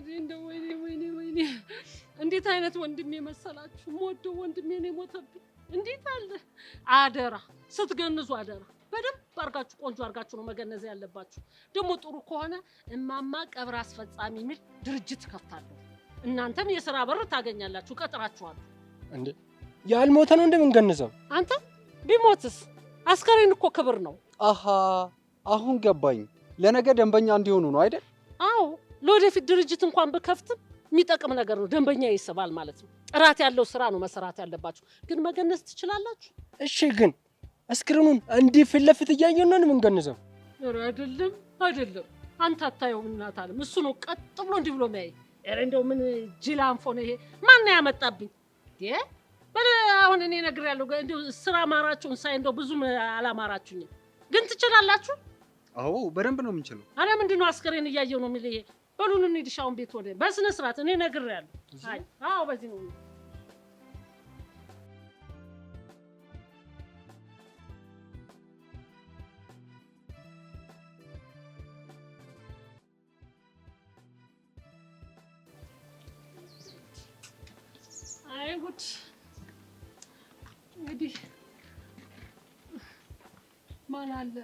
ጉዴ! እንደው ወይኔ ወይኔ ወይኔ! እንዴት አይነት ወንድሜ መሰላችሁ! የምወደው ወንድሜ ነው የሞተብኝ። እንዴት አለ! አደራ ስትገንዙ፣ አደራ በደንብ አርጋችሁ ቆንጆ አርጋችሁ ነው መገነዝ ያለባችሁ። ደግሞ ጥሩ ከሆነ እማማ ቀብር አስፈጻሚ የሚል ድርጅት ከፍታለሁ። እናንተም የስራ በር ታገኛላችሁ፣ ቀጥራችኋል። እንዴ ያልሞተ ነው እንደምንገንዘው? አንተ ቢሞትስ? አስከሬን እኮ ክብር ነው። አሃ አሁን ገባኝ። ለነገ ደንበኛ እንዲሆኑ ነው አይደል? አዎ ለወደፊት ድርጅት እንኳን ብከፍትም የሚጠቅም ነገር ነው። ደንበኛ ይስባል ማለት ነው። ጥራት ያለው ስራ ነው መሰራት ያለባችሁ። ግን መገነዝ ትችላላችሁ። እሺ፣ ግን እስክሪኑን እንዲህ ፊት ለፊት እያየን ነን የምንገንዘው? አይደለም፣ አይደለም። አንተ አታየው እናት አለም እሱ ነው ቀጥ ብሎ እንዲህ ብሎ የሚያይ። ኧረ እንደው ምን ጅል ነው ይሄ። ማነው ያመጣብኝ? አሁን እኔ ነግር ያለው እንዲ ስራ ማራችሁን ሳይ እንደው ብዙም አላማራችሁኝም። ግን ትችላላችሁ። አዎ፣ በደንብ ነው የምንችለው። አለ ምንድነው አስክሬን እያየው ነው የሚል ይሄ በሉን እንሂድ። አሁን ቤት ወደ በስነ ስርዓት እኔ ነግሬያለሁ። አይ አዎ፣ በዚህ ነው እንግዲህ ማን አለ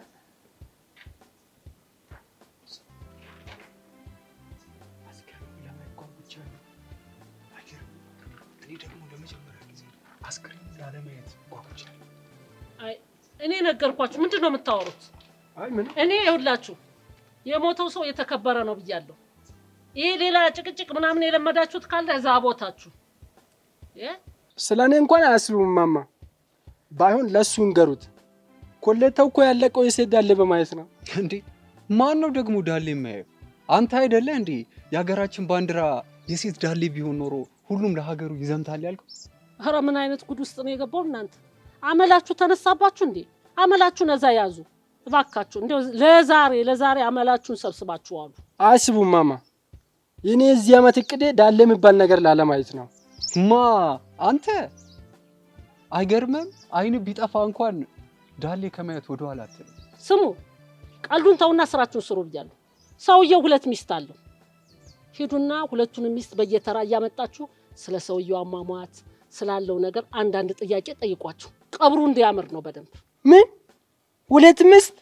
አስክሬን ላለማየት ጓጉቻለሁ። አይ እኔ ነገርኳችሁ። ምንድን ነው የምታወሩት? አይ ምን እኔ ይኸውላችሁ፣ የሞተው ሰው የተከበረ ነው ብያለሁ። ይሄ ሌላ ጭቅጭቅ ምናምን የለመዳችሁት ካለ እዛ ቦታችሁ። ስለ እኔ እንኳን አያስቡም። ማማ ባይሆን ለእሱ እንገሩት። ኮሌታው እኮ ያለቀው የሴት ዳሌ በማየት ነው እንዴ? ማን ነው ደግሞ ዳሌ የማየው? አንተ አይደለ እንዴ የሀገራችን ባንዲራ የሴት ዳሌ ቢሆን ኖሮ ሁሉም ለሀገሩ ይዘምታል ያልከው? ኧረ ምን አይነት ጉድ ውስጥ ነው የገባው? እናንተ አመላችሁ ተነሳባችሁ እንዴ? አመላችሁን እዛ ያዙ እባካችሁ። እንዲያው ለዛሬ ለዛሬ አመላችሁን ሰብስባችሁ አሉ። አስቡ ማማ፣ የኔ እዚህ ዓመት እቅዴ ዳለ የሚባል ነገር ላለማየት ነው። ማ አንተ አይገርምም? አይን ቢጠፋ እንኳን ዳሌ ከማየት ወደ ኋላ ስሙ፣ ቀልዱን ተውና ስራችሁን ስሩ ብያለሁ። ሰውየው ሁለት ሚስት አለው። ሂዱና ሁለቱን ሚስት በየተራ እያመጣችሁ ስለ ሰውየው አሟሟት ስላለው ነገር አንዳንድ ጥያቄ ጠይቋቸው። ቀብሩ እንዲያምር ነው በደንብ ምን ሁለት ምስት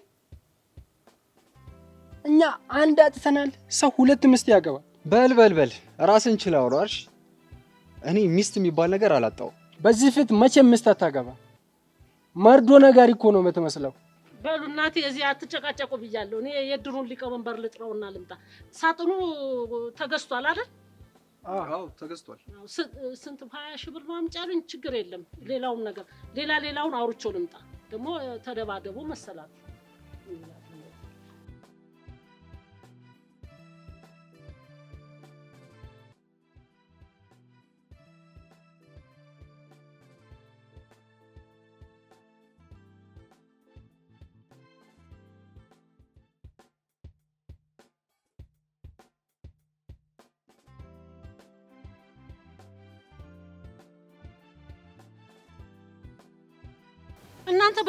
እኛ አንድ አጥተናል። ሰው ሁለት ምስት ያገባል። በል በል በል ራስን ችላ አውራሽ። እኔ ሚስት የሚባል ነገር አላጣው። በዚህ ፊት መቼም ምስት አታገባ። መርዶ ነገር እኮ ነው የምትመስለው። በሉ እናቴ እዚህ አትጨቃጨቁ ብያለሁ። እኔ የድሩን ሊቀመንበር ልጥረውና ልምጣ። ሳጥኑ ተገዝቷል አይደል? አዎ ተገዝቷል። ስንት ሀያ ሺህ ብር ነው አምጪ ችግር የለም ሌላውም ነገር ሌላ ሌላውን አውርቼው ልምጣ። ደግሞ ተደባደቡ መሰላት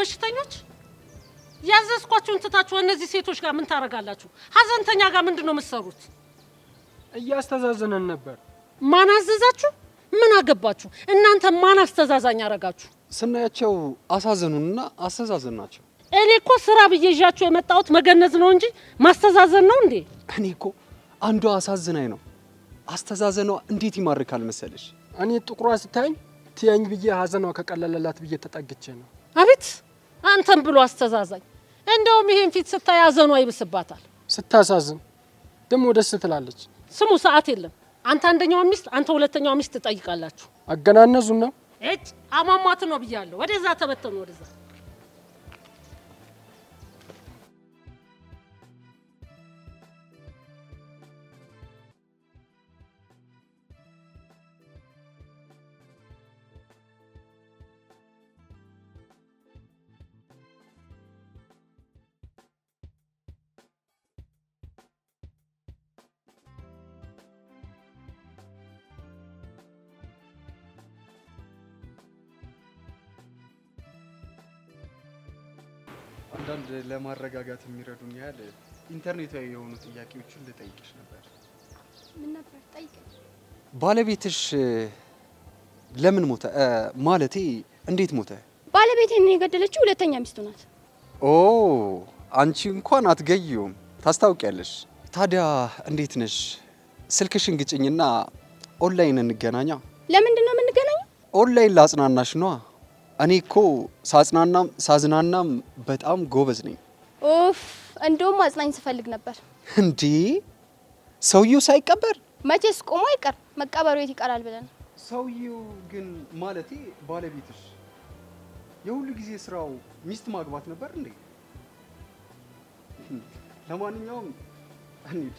በሽተኞች ያዘዝኳችሁን ትታችሁ እነዚህ ሴቶች ጋር ምን ታደርጋላችሁ? ሀዘንተኛ ጋር ምንድን ነው የምትሰሩት? እያስተዛዘነን ነበር። ማን አዘዛችሁ? ምን አገባችሁ እናንተ? ማን አስተዛዛኝ አረጋችሁ? ስናያቸው አሳዘኑንና አስተዛዘን ናቸው። እኔ እኮ ስራ ብዬ ይዣችሁ የመጣሁት መገነዝ ነው እንጂ ማስተዛዘን ነው እንዴ? እኔ እኮ አንዷ አሳዝናኝ ነው። አስተዛዘኗ እንዴት ይማርካል መሰለሽ። እኔ ጥቁሯ ስታይኝ ትያኝ ብዬ ሀዘኗ ከቀለለላት ብዬ ተጠግቼ ነው። አቤት አንተም ብሎ አስተዛዛኝ። እንደውም ይሄን ፊት ስታይ አዘኗ ይብስባታል። ስታሳዝን ደግሞ ደስ ትላለች። ስሙ ሰዓት የለም። አንተ አንደኛዋ ሚስት፣ አንተ ሁለተኛዋ ሚስት ትጠይቃላችሁ። አገናነዙን ነው እጭ አሟሟት ነው ብያለሁ። ወደዛ ተበተኑ፣ ወደዛ ለማረጋጋት የሚረዱን ያህል ኢንተርኔታዊ የሆኑ ጥያቄዎችን ልጠይቅሽ ነበር። ምን ነበር? ጠይቅ። ባለቤትሽ ለምን ሞተ? ማለቴ እንዴት ሞተ? ባለቤቴን የገደለችው ሁለተኛ ሚስቱ ናት። ኦ አንቺ እንኳን አትገዩም፣ ታስታውቂያለሽ። ታዲያ እንዴት ነሽ? ስልክሽን ግጭኝና ኦንላይን እንገናኛ። ለምንድን ነው የምንገናኘው? ኦንላይን ላጽናናሽ ነዋ። እኔ እኮ ሳጽናናም ሳዝናናም በጣም ጎበዝ ነኝ። ኡፍ እንደውም አጽናኝ ስፈልግ ነበር። እንዴ ሰውየው ሳይቀበር መቼስ ቆሞ አይቀር መቀበሩ የት ይቀራል ብለን። ሰውየው ግን ማለቴ ባለቤትሽ የሁሉ ጊዜ ስራው ሚስት ማግባት ነበር እንዴ? ለማንኛውም እንሂድ።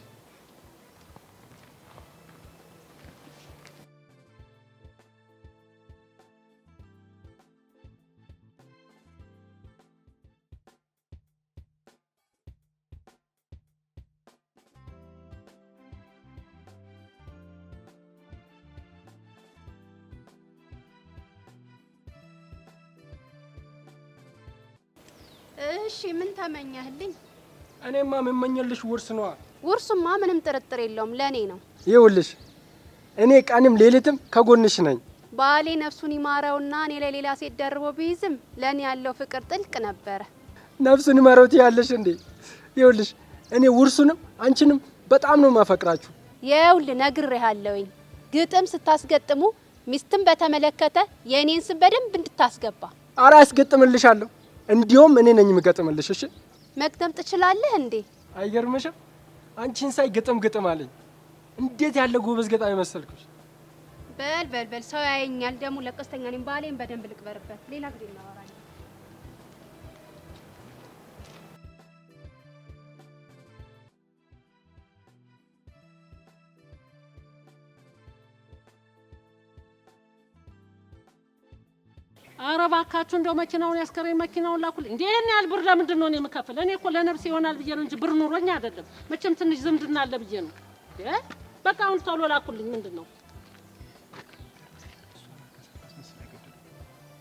እሺ ምን ተመኘህልኝ? እኔማ የምመኘልሽ ውርስ ነዋ። ውርሱማ ምንም ጥርጥር የለውም ለእኔ ነው። ይኸውልሽ እኔ ቀንም ሌሊትም ከጎንሽ ነኝ። ባሌ ነፍሱን ይማረውና እኔ ለሌላ ሴት ደርቦ ቢይዝም ለእኔ ያለው ፍቅር ጥልቅ ነበረ። ነፍሱን ይማረውት ያለሽ እንዴ? ይኸውልሽ እኔ ውርሱንም አንቺንም በጣም ነው ማፈቅራችሁ። ነግር ነግሬሃለሁኝ፣ ግጥም ስታስገጥሙ ሚስትን በተመለከተ የእኔን ስም በደንብ እንድታስገባ። አረ አስገጥምልሻለሁ እንዲሁም እኔ ነኝ የምገጥምልሽ። እሺ መግጠም ትችላለህ እንዴ? አይገርምሽም? አንቺን ሳይ ግጥም ግጥም አለኝ። እንዴት ያለ ጎበዝ ገጣሚ መሰልኩሽ። በል በል በል ሰው ያየኛል። ደግሞ ለቀስተኛ ነኝ። ባሌን በደንብ ልቅበርበት። ሌላ ጊዜ እናወራለን። ኧረ እባካችሁ እንደው መኪናውን ያስከረኝ መኪናውን ላኩልኝ። እንዴ ይሄን ያህል ብር ለምንድን ነው እኔ የምከፍል? እኔ እኮ ለነፍሴ ይሆናል ብዬ ነው እንጂ ብር ኑሮኝ አይደለም። መቼም ትንሽ ዝምድና አለ ብዬ ነው። በቃ አሁን ቶሎ ላኩልኝ። ምንድን ነው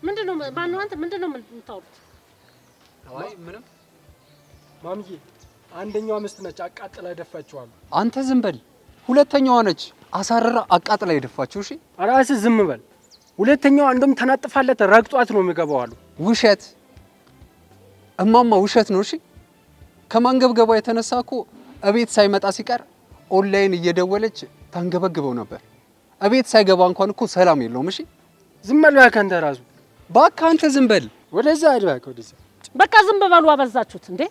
ምንድን ነው ማነው አንተ ምንድን ነው የምታወሩት? አይ ምንም ማምዬ፣ አንደኛዋ ምስት ነች አቃጥላ ደፋችኋል። አንተ ዝም በል። ሁለተኛዋ ነች አሳረራ አቃጥላ የደፋችሁ። እሺ ራስህ ዝም በል። ሁለተኛው አንዱም ተናጥፋለት ረግጧት ነው የሚገባው አሉ። ውሸት እማማ ውሸት ነው። እሺ ከማንገብገቧ የተነሳ እኮ እቤት ሳይመጣ ሲቀር ኦንላይን እየደወለች ታንገበግበው ነበር። እቤት ሳይገባ እንኳን እኮ ሰላም የለውም። እሺ ዝም በል አንተ ራሱ እባክህ አንተ ዝም በል ወደዛ አድባክ ወደዛ በቃ ዝም በሉ። አበዛችሁት እንዴ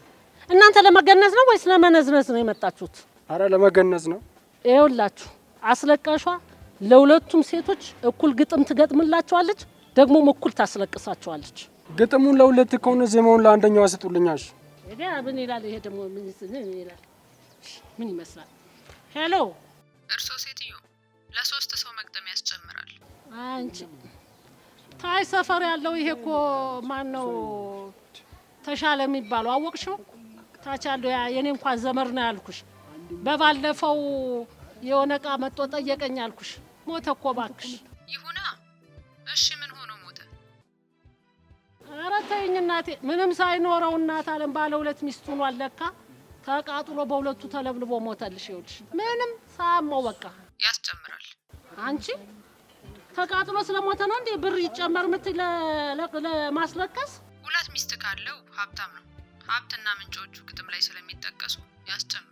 እናንተ ለመገነዝ ነው ወይስ ለመነዝነዝ ነው የመጣችሁት? አረ ለመገነዝ ነው። ይኸውላችሁ አስለቃሿ ለሁለቱም ሴቶች እኩል ግጥም ትገጥምላቸዋለች፣ ደግሞም እኩል ታስለቅሳቸዋለች። ግጥሙን ለሁለት ከሆነ ዜማውን ለአንደኛዋ ስጡልኛሽ። ምን ይላል ይሄ ደግሞ ምን ይመስላል? ሄሎ፣ እርሶ ሴትዮ ለሶስት ሰው መግጠም ያስጨምራል። አንቺ ታይ ሰፈር ያለው ይሄ እኮ ማን ነው ተሻለ የሚባለው አወቅሽው? ታች ያለው የኔ እንኳን ዘመር ነው ያልኩሽ። በባለፈው የሆነ እቃ መጥቶ ጠየቀኝ አልኩሽ። ሞተ እኮ እባክሽ። ይሁና እሺ፣ ምን ሆኖ ሞተ? ኧረ ተይኝ እናቴ፣ ምንም ሳይኖረው እናት አለም ባለ ሁለት ሚስቱ ሆኗል ለካ ተቃጥሎ በሁለቱ ተለብልቦ ሞተልሽ። ይኸውልሽ ምንም ሳያመው በቃ ያስጨምራል። አንቺ ተቃጥሎ ስለሞተ ነው እንዴ ብር ይጨመር ምትል ለማስለቀስ? ሁለት ሚስት ካለው ሀብታም ነው። ሀብትና ምንጮቹ ግጥም ላይ ስለሚጠቀሱ ያስጨምራል።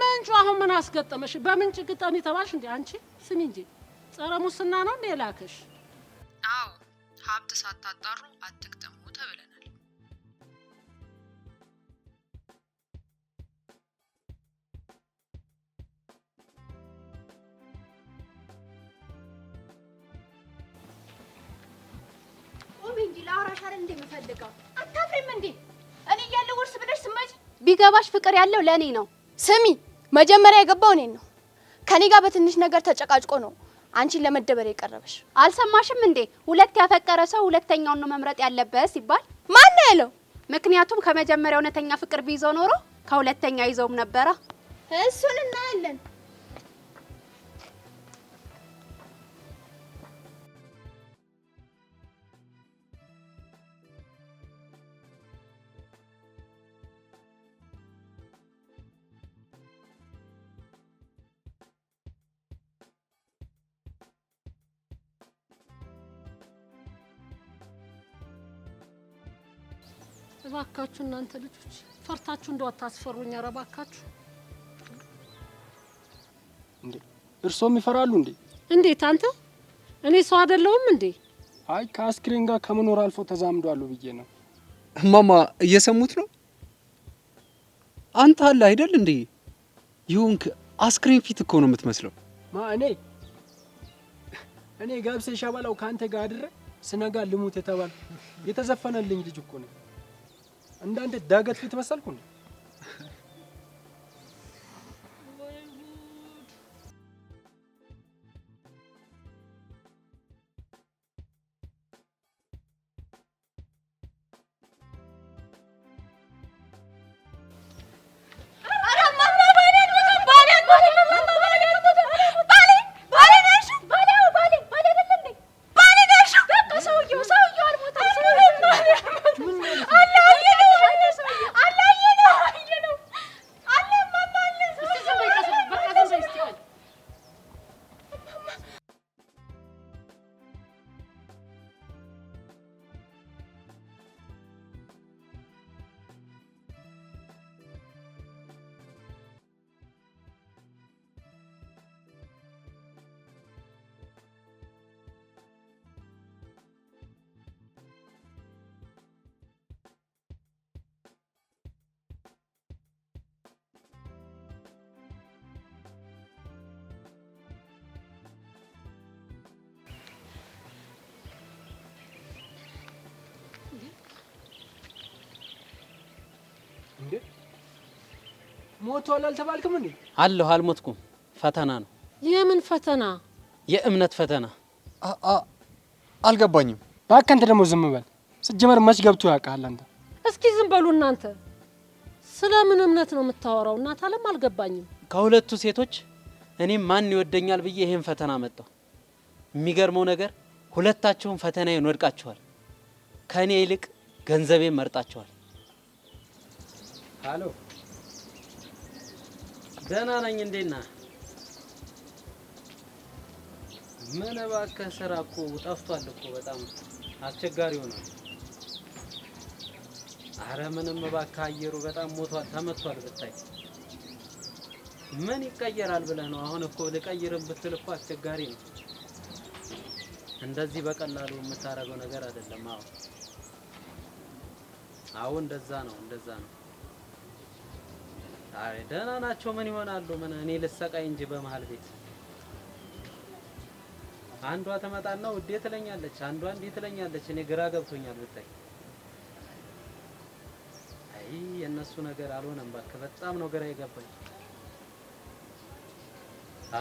ምንጩ አሁን ምን አስገጠመሽ? በምንጭ ግጠም የተባልሽ እንዴ አንቺ ስሚ እንጂ ጸረ ሙስና ነው እንዴ ላክሽ? አዎ ሀብት ሳታጣሩ አትግጠሙ ተብለናል። ቆሜ እንጂ ለአውራሽ አይደል እንደምፈልገው አታፍሪም እንዴ? እኔ እያለ ውርስ ብለሽ ስመጭ ቢገባሽ ፍቅር ያለው ለእኔ ነው። ስሚ መጀመሪያ የገባው እኔን ነው ከኔ ጋር በትንሽ ነገር ተጨቃጭቆ ነው አንቺን ለመደበር የቀረበሽ። አልሰማሽም እንዴ? ሁለት ያፈቀረ ሰው ሁለተኛውን ነው መምረጥ ያለበት ሲባል ማን ነው ያለው? ምክንያቱም ከመጀመሪያ እውነተኛ ፍቅር ቢይዘው ኖሮ ከሁለተኛ ይዘውም ነበረ እሱን እናያለን። እባካችሁ እናንተ ልጆች ፈርታችሁ እንደው አታስፈሩኝ። ኧረ እባካችሁ እንዴ! እርሶም ይፈራሉ እንዴ? እንዴት አንተ እኔ ሰው አይደለሁም እንዴ? አይ ከአስክሬን ጋር ከመኖር አልፎ ተዛምዷሉ ብዬ ነው። እማማ እየሰሙት ነው። አንተ አለ አይደል እንዴ? ይሁንክ አስክሬን ፊት እኮ ነው የምትመስለው። ማ እኔ እኔ ጋብሴ ሻባላው ከአንተ ጋር አድረ ስነጋ ልሙት የተባል የተዘፈነልኝ ልጅ እኮ ነው። عند عند الداقة اللي تمثلكم ሞቷል አልተባልክም እንዴ? አለሁ፣ አልሞትኩም። ፈተና ነው። የምን ፈተና? የእምነት ፈተና። አልገባኝም። እባክህ አንተ ደግሞ ዝም በል። ስጀመር መች ገብቶ ያውቃል አንተ። እስኪ ዝም በሉ እናንተ። ስለምን እምነት ነው የምታወራው? እናት አለም አልገባኝም። ከሁለቱ ሴቶች እኔም ማን ይወደኛል ብዬ ይህን ፈተና መጣሁ። የሚገርመው ነገር ሁለታችሁም ፈተናዬን ወድቃችኋል። ከእኔ ይልቅ ገንዘቤን መርጣችኋል። ሀሎ ደህና ነኝ። እንዴት ነህ? ምን እባክህ ስራ እኮ ጠፍቷል እኮ በጣም አስቸጋሪ ሆኗል። አረ ምንም እባክህ አየሩ በጣም ሞቷል፣ ተመቷል ብታይ። ምን ይቀየራል ብለህ ነው? አሁን እኮ ልቀይርም ብትል እኮ አስቸጋሪ ነው። እንደዚህ በቀላሉ የምታደርገው ነገር አይደለም። አዎ አዎ፣ እንደዛ ነው፣ እንደዛ ነው። አይ ደህና ናቸው። ምን ይሆናሉ? ምን እኔ ልሰቃይ እንጂ በመሀል ቤት አንዷ ትመጣና ውዴ ትለኛለች፣ አንዷ እንዲህ ትለኛለች። እኔ ግራ ገብቶኛል ብታይ። አይ የእነሱ ነገር አልሆነም። እባክህ በጣም ነው ግራ የገባኝ።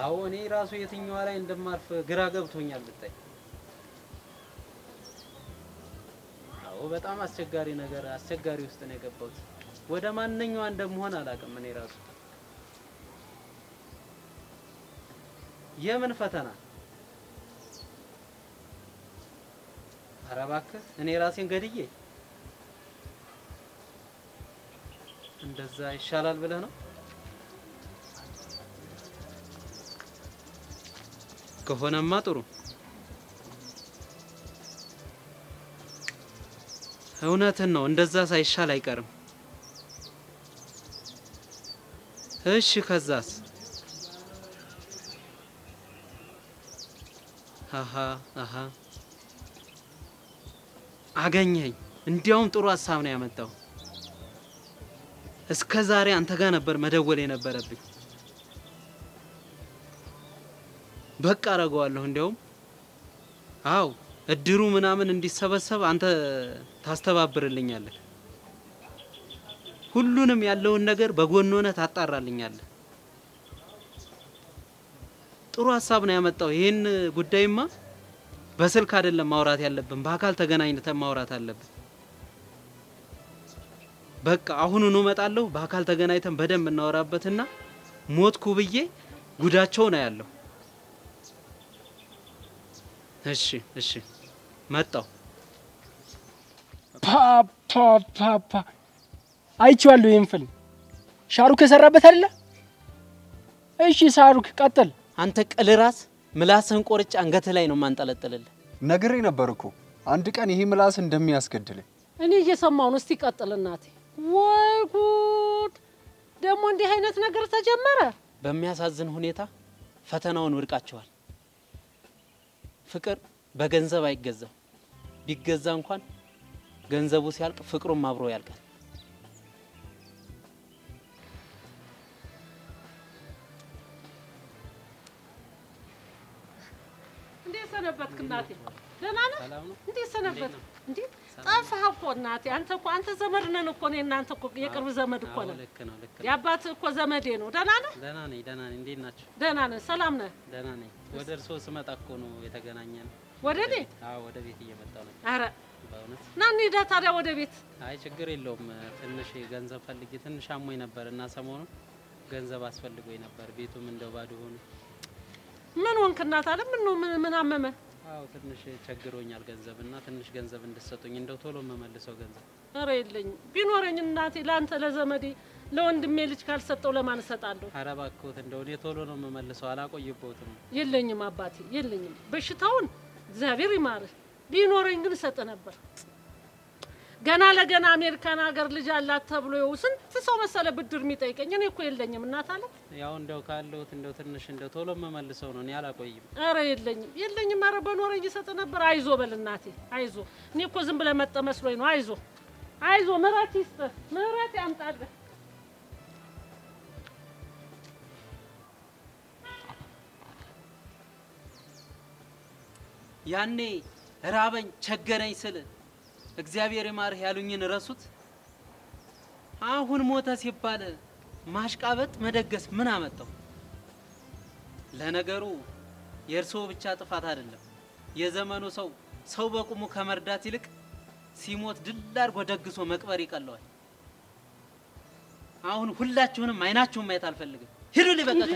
አዎ እኔ ራሱ የትኛዋ ላይ እንደማርፍ ግራ ገብቶኛል ብታይ። አዎ በጣም አስቸጋሪ ነገር አስቸጋሪ ውስጥ ነው የገባሁት። ወደ ማንኛዋ እንደምሆን አላውቅም። እኔ ራሱ የምን ፈተና ኧረ እባክህ እኔ ራሴን ገድዬ እንደዛ ይሻላል ብለህ ነው ከሆነማ ጥሩ እውነትን ነው። እንደዛ ሳይሻል አይቀርም። እሺ ከዛስ? አሀ አሀ አገኘኝ። እንዲያውም ጥሩ ሀሳብ ነው ያመጣው። እስከ ዛሬ አንተ ጋር ነበር መደወል የነበረብኝ። በቃ አረገዋለሁ። እንዲያውም አው እድሩ ምናምን እንዲሰበሰብ አንተ ታስተባብርልኛለህ። ሁሉንም ያለውን ነገር በጎን ሆነ ታጣራልኛለህ። ጥሩ ሀሳብ ነው ያመጣው። ይህን ጉዳይማ በስልክ አይደለም ማውራት ያለብን፣ በአካል ተገናኝተን ማውራት አለብን። በቃ አሁኑኑ እመጣለሁ። በአካል ተገናኝተን በደንብ እናወራበትና ሞትኩ ብዬ ጉዳቸው ነው ያለው። እሺ እሺ፣ መጣው ፓፓ አይቼዋለሁ ይህን ፊልም ሻሩክ የሰራበት አይደለ? እሺ ሻሩክ ቀጥል። አንተ ቅል ራስ ምላስህን ቆርጬ አንገትህ ላይ ነው ማንጠለጥልል። ነግሬ ነበር እኮ አንድ ቀን ይሄ ምላስ እንደሚያስገድል እኔ እየሰማሁ ነው። እስቲ ቀጥል እናቴ። ወይ ጉድ! ደግሞ እንዲህ አይነት ነገር ተጀመረ። በሚያሳዝን ሁኔታ ፈተናውን ወድቃቸዋል። ፍቅር በገንዘብ አይገዛም። ቢገዛ እንኳን ገንዘቡ ሲያልቅ ፍቅሩም አብሮ ያልቃል። እንዴት ሰነበት? እንዴ ጠፋህ እኮ እናቴ። አንተ እኮ አንተ ዘመድ ነን እኮ እኔ እናንተ እኮ የቅርብ ዘመድ እኮ ነን። የአባትህ እኮ ዘመዴ ነው። ደህና ነህ? ደህና ነኝ፣ ደህና ነኝ። እንዴት ናችሁ? ደህና ነህ? ሰላም ነህ? ደህና ነኝ። ወደ እርስዎ ስመጣ እኮ ነው የተገናኘ ነው። ወደ እኔ? አዎ ወደ ቤት እየመጣሁ ነው። ኧረ ና እንሂድ ታዲያ ወደ ቤት። አይ ችግር የለውም። ትንሽ ገንዘብ ፈልጌ ትንሽ አሞኝ ነበር እና ሰሞኑን ገንዘብ አስፈልጎኝ ነበር። ቤቱም እንደው ባዶ ሆነ። ምን ሆንክ እናት አለ? ምን ምን አመመህ? አዎ ትንሽ ቸግሮኛል ገንዘብ እና ትንሽ ገንዘብ እንድሰጡኝ እንደው ቶሎ መመልሰው ገንዘብ። ኧረ የለኝም። ቢኖረኝ እናቴ ለአንተ ለዘመዴ ለወንድሜ ልጅ ካልሰጠው ለማን እሰጣለሁ? ኧረ እባክዎት እንደው እኔ ቶሎ ነው የምመልሰው፣ አላቆይበትም። የለኝም አባቴ የለኝም። በሽታውን እግዚአብሔር ይማርህ። ቢኖረኝ ግን እሰጥ ነበር። ገና ለገና አሜሪካን ሀገር ልጅ አላት ተብሎ ይኸው ስንት ሰው መሰለ ብድር የሚጠይቀኝ። እኔ እኮ የለኝም እናት አለ ያው እንደው ካለሁት እንደው ትንሽ እንደው ቶሎ መመልሰው ነው እኔ አላቆይም። ኧረ የለኝም የለኝም። ኧረ በኖረ እየሰጠ ነበር። አይዞ በል እናቴ አይዞ። እኔ እኮ ዝም ብለህ መጠ መስሎኝ ነው። አይዞ አይዞ። ምህረት ይስጥ ምህረት ያምጣልህ። ያኔ ራበኝ ቸገረኝ ስል እግዚአብሔር ይማርህ ያሉኝን ረሱት። አሁን ሞተ ሲባል ማሽቃበጥ መደገስ ምን አመጣው? ለነገሩ የእርስዎ ብቻ ጥፋት አይደለም። የዘመኑ ሰው ሰው በቁሙ ከመርዳት ይልቅ ሲሞት ድል አድርጎ ደግሶ መቅበር ይቀለዋል። አሁን ሁላችሁንም አይናችሁን ማየት አልፈልግም። ሂዱ ሊበቃ